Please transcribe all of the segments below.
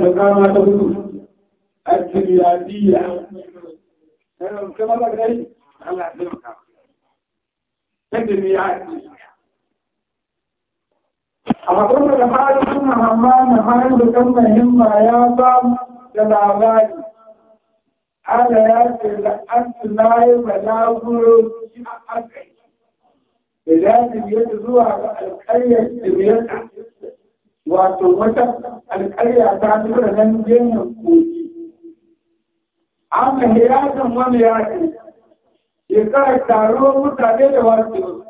القامة تقول التبيادية كما لك أي الله يعلمك التبيادية أما كنت لحالي كنا همام حالي كنا همة يا صام تلعباني على ياتي لأنت نايم لا أقول أكي إذا تبيت زوها القرية تبيتها wato wata alƙarya ta tura nan genin kogi an ka hiyatan wani yaƙi shekarar taro mutane da wasu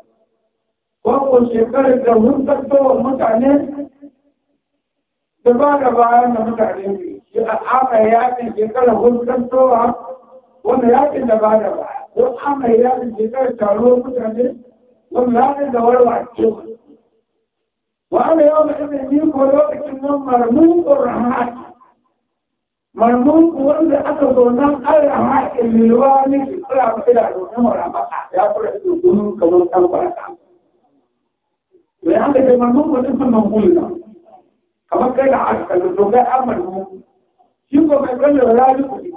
ko ko shekarar da huntattowa mutane da ba da bayan da mutane ne shi a aka yaƙin shekarar huntattowa wanda yaƙin da ba da baya ko aka yaƙin shekarar taro mutane wanda yaƙin da warwa cewa وأنا يوم إذن يكون لوك إنهم مرموق الرحاك مرموق وإذا أخذوا نم الرحاك اللي الوالي ولا بسلا نم الرحاك يا فرح تقولون كمان كم فرحك لأنك المرموق من منقولنا كما كان عشقا لتوقع مرموق شوفوا ما يقول له لا يقول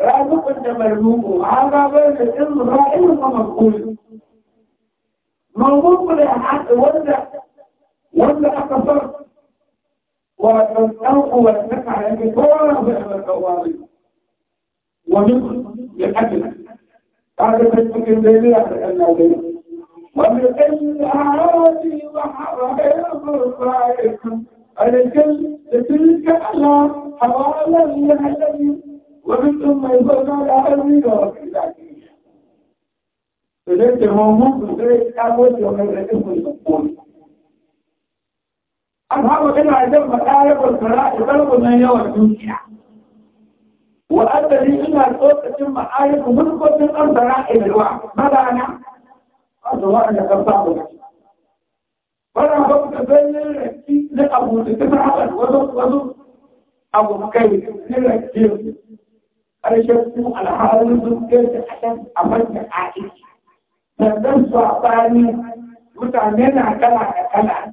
لا يقول كنت مرموق هذا بين الإنسان رائع ومنقول مرموق لأحد وإذا ولا قصرت والأرض والنفع بطول بأمر القوارب ومن لأجله قال فتك الليل أن الليل ومن الأعادي وحرائق الرائق الجل تلك على حوالا لهلبي ومن ثم يظن على أمي فليس هو ممكن أبوه ومن رئيس المقبول an haɓa gidajen matsayabar fara'i ɗarɓunan yawan dukiya wa'adari ina tsokacin ma'ayyuka mulkokin an fara'i da ruwa mazana wato waɗanda kan samu da wannan gwamnati ganyen raki na abu da ta haɗa wasu wasu abu kai na raki ƙarshen su alhalin sun kai da akan a manta aiki sannan su a tsani mutane na kala da kala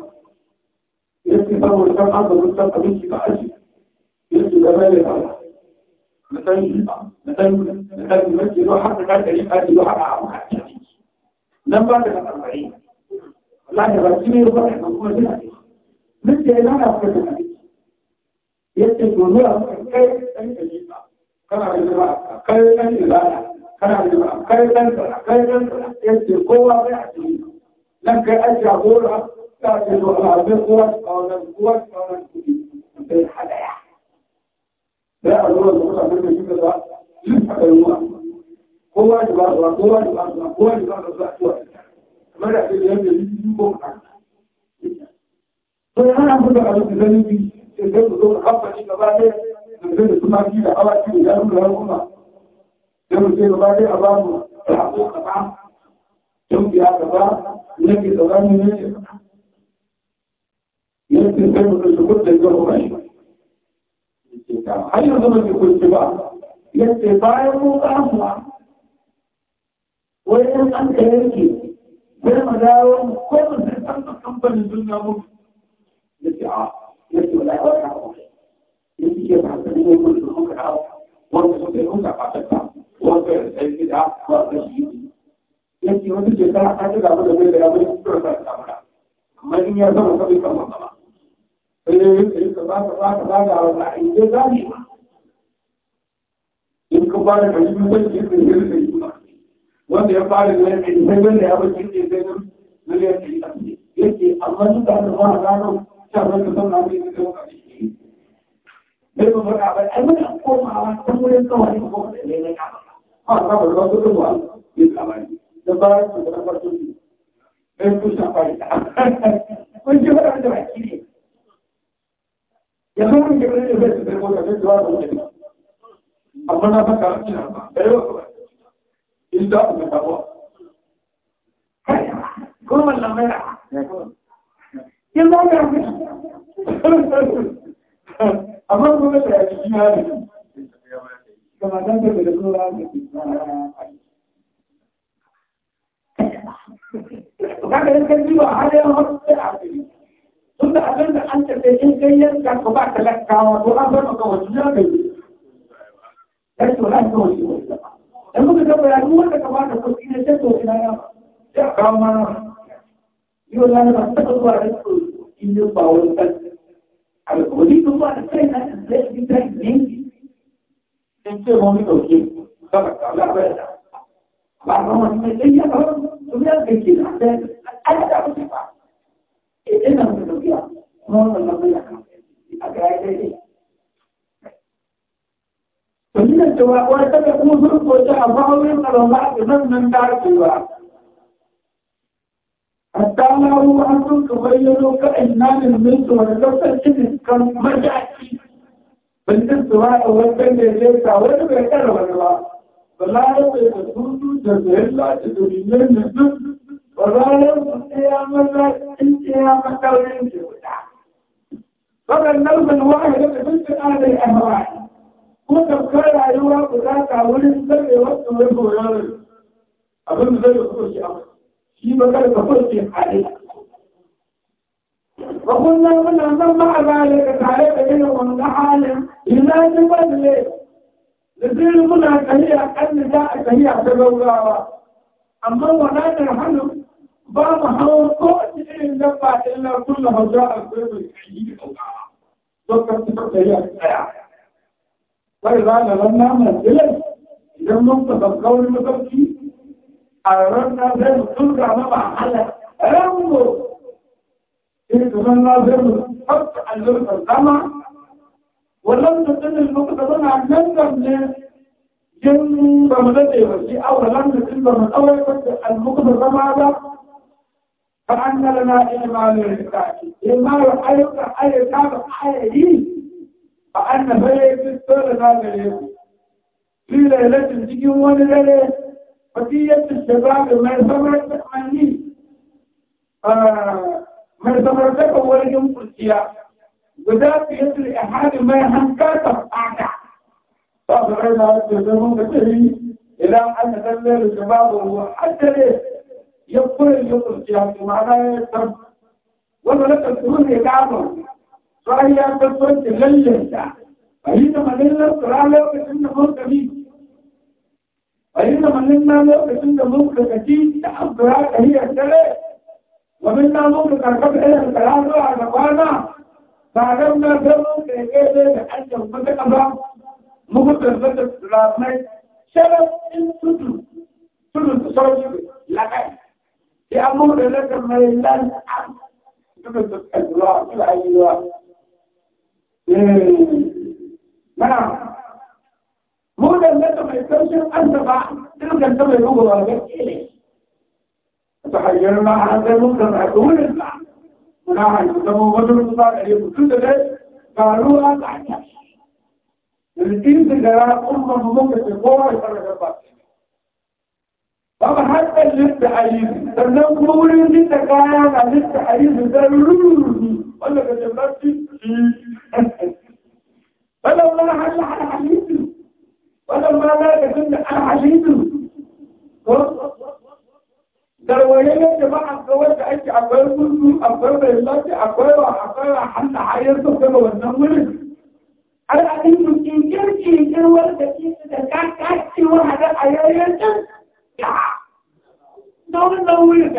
يسمي طول كم عرض المستقى منك فأجل يسمي زمالي فأجل مثل مثل مثل المسجد وحتى كان كريم هذه وحتى عام حتى لم بعد الأربعين لا يرسمي يربح مقوم بها مثل لا نفسك يسمي ونرى كيف تنكلم كان على الجماعة كيف تنكلم كان على الجماعة كيف تنكلم كيف تنكلم يسمي قوة بيعتمين لم كأجل عبورها تعجز على بقوة أو نبقوة أو نبقوة لا أقول لك أنا من جملة يفعل الله قوة بعض قوة بعض قوة بعض قوة ما لا تجد يجيبهم فأنا أقول لك أنا من ذلك تجد دون حبة شبابة نزل السماء كده حوالي كده يعلم لها الأمة يوم السيد بعدين أبان الحقيقة معه يوم في هذا الباب نجد أبان من yankin kai mutum su kudu da hukunci har yanzu ba ki kunci ba yace bayan mun wai 'yan an ka yanke sai mu dawo mu sai san ka kamfanin duniya mu yace a yace wala ya wata yace ke ba sai mun kunci mun ka dawo wanda su kai mun ka fatata wanda ya sai gida wanda shi yace wata shekara ta ga da bai da ya bai da ta amma in ya zama sai kan ba in ka ba ka ba ka ba da a inda za ne ba in ka ba da kashi wani jirgin jirgin ba wanda ya fara da yake sai wanda ya bar jirgin sai nan na ne yake yake amma su da ba a gano ta ba ka san na ne da kuma kashi ne ba ba ka ba ai mun komawa ta wurin kawai ko da ne ne ka ba ha ba ba su da ba ne ka ba da ba su da ba su ne ku shafa ita kun ji fara da yanzu kun gaba ne zai su zai mota zai zuwa da wani amma na baka ina ba da yawa ba in da ku ta ba ko mallan mai in ba ga amma ko da ya ji ya ne kuma dan da da ko ra da ka ga kan ji ba har ya har sai a tun da abin da an tafi in gayyar ka ku ba talakawa to an bar maka wasu ya kai ya ce wala ta wasu wasu dan muka ga bayani wanda ka ba da kuɗi ne sai to ina ya ya kawo mana yau na da ta ka zuwa da su in da ba wani kan alƙawari to ba da kai na da zai bi kai ne sai ce mu mu dauke ka ba ka ba ba ba ba mu ne sai ya ba to ya ga kin da ai da ba إذا من الرجاء هو المضيع أكايته ومن السواء ولا يكون ظلم وجاء بعض على بعض ظلما بعد سواء حتى لو أنتم تغيروا كإنان الملك والكفر إذن كان مجاعتي بالنسبة والبن يجيب تعويل بيتر والله فلا يتدون جزيلا تدريبين نزل وظالم القيامة القيامة دورين في وجهه فقد النوم الواحد بنت هذه الأهواء وتبقى أيها وذاك ولد سر وقت ويبو يارد أظن ذلك هو شيء أمر شيء بكر كفر شيء عليه وقلنا من أمام مع ذلك تعالى إلى من حال إلا جبل لذيل منها كهي أقل جاء كهي أتبوغاوا أما ولا ترحلوا ba mu hawan kowace irin dabba ta ina kulla hauja a kai mai kayi da sauƙawa don ka ci ta yi a tsaya wai za na ran namun dilai idan mun ka sauka wani mafarki a ran na zai mu turga na ba hala rango in kamar na zai mu farka allurkar dama wannan tattalin lokacin na nan gamne jin ba mu daɗe ba shi a wannan tattalin ba mu tsawai wacce almukuta zama ba فأن لنا إيمان للتأكيد إيمان أيضا أيضا حقيقي فأن بيت السر هذا اليوم في ليلة تجيون ليلة فتية الشباب من ثمرة عني آه، من ثمرتك أول يوم قلتيا وذاتية الإحاد ما هنكاتا أعدى فأخرنا الجزمون بسهي إلى أن تنزل الشباب وحتى ليه يقول يقول يا جماعة طب ولا لك تقول يا جماعة صاحي يا تقول تللل فإذا ما نلل ترى لو كنا موت كبير فإذا ما نلل لو كنا موت كتير تأبرا هي السلة ومنا موت كركب إلى الكلام على قوانا فعلمنا بهم كيف أنتم متكبر ممكن تبدأ تلامي شرط إن تدرس الأمر لك ما يلان عنه الأدواء في الأيواء نعم هو ده اللي ما يستوشف انت بعد تلك انت ما يقول ولا بك هذا المنكر هتقول البعض ونعم يسمى مدر الصلاة عليهم كل ده قالوا لا تحتاج الدين في أمة ممكن تقوى يترجم بقى Baba harkar lista harizu, sannan kuma wurin lista kaya na lista harizu don rururu wanda ka jambarci shi. Wannan ma halla har harizu, wannan ma na ka tun da har harizu. Garwaye ne jama'a ga wanda ake akwai kudu, akwai mai lafi, akwai wa, akwai wa halla har yanzu gaba wannan wurin. har abin su kinkir kinkir wanda ke da kakacewar hada a yayin can domin na wurin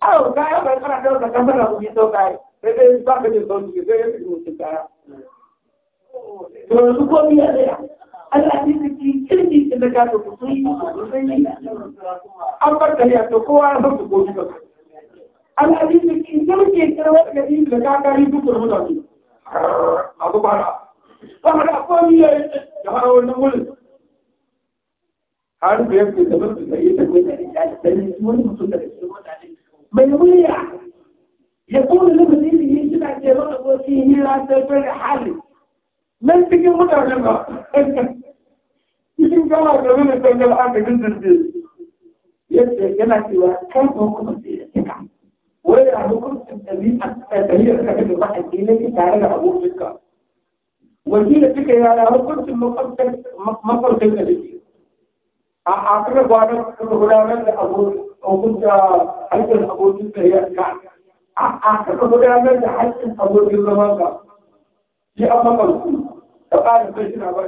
awo kaya bai kana da wata kamar abu ne sau kaya sai dai ba ka jin sauki sai ya fi mutum kaya to yanzu ko biya daya Allah ne su ki kirki da daga da kusur an bar kariya to kowa ya san su gobe ba Allah ne su ki kirki da wata gari da daga kari duk da mutane a gubara saboda ko biya ya fara wannan wurin عارف يا ابني تمام في الميت يقول ما يضيع يقول لما تيجي يجمع الجيران يقول في هي لا تفعل حل ما تجي مدة يا جماعة يمكن قال لك من تقول له أنت جد جد يس يا جماعة كيف ممكن تيجي تكلم ولا عمركم تبين تبين لك أن الواحد إلى كي تعالى عمرك وهي لك يا عمركم مقصد مقصد تبين آخر بعد كل أبو أبو حيث أبو جل آخر بعد حيث أبو جل ما في أمامه فقال بشر أبو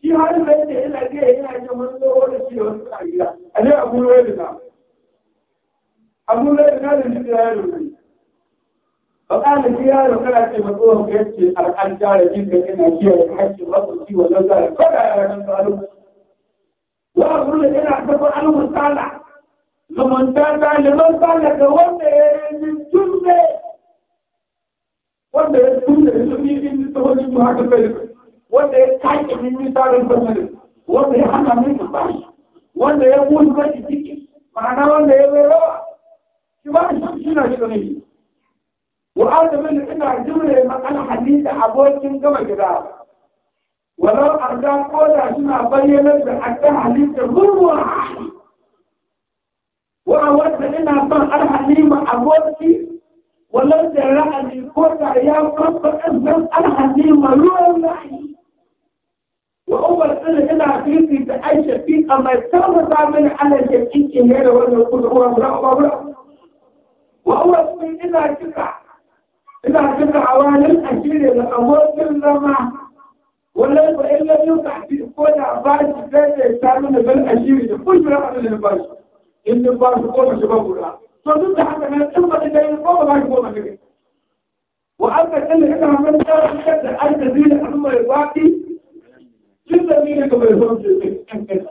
في هذا البيت إلا جاء إلى جمال ولا شيء ولا أنا أقول ولدنا أقول ولدنا للجلال فقال الجلال وكان في مطلوب يبكي على الجار جدا إن جاء الحج فيه ولا زال فلا يا من abin da yana tabbar an musala zumunta ta liman sala ga wanda ya yi tunne wanda ya tunne da sun yi in ta wani mu haka kai wanda ya kake min misalin fasari wanda ya hana min bashi wanda ya mutu mai ciki ma'ana wanda ya bai rawa shi ba shi shi na shi ne wa'adamin ina jure ma alhadisa abokin gama gida ولو أردان قولا شنا بيّنت حتى حليت غروة وأود إن أبان أرحلي مع أبوتي ولو جرحني قولا يا رب أزمن أرحلي مع روحي وأول سنة إلى فيتي تعيش في أما يتعرض من على جديك هنا وأنا أقول هو أمرأة أمرأة وأول سنة إلى كذا إلى كذا عوالم أشيرة لأبوكي لما والله وإن لم يقع في أخونا بعض الثانية يستعملون بالأشيرة كل من أحد النباش النباش قوم شباب الله فضد حتى من الأمة إلى القوم ما يقوم كده وأما أن إذا من دار الشد أن تزيل أما الواقي جدا مين يفهم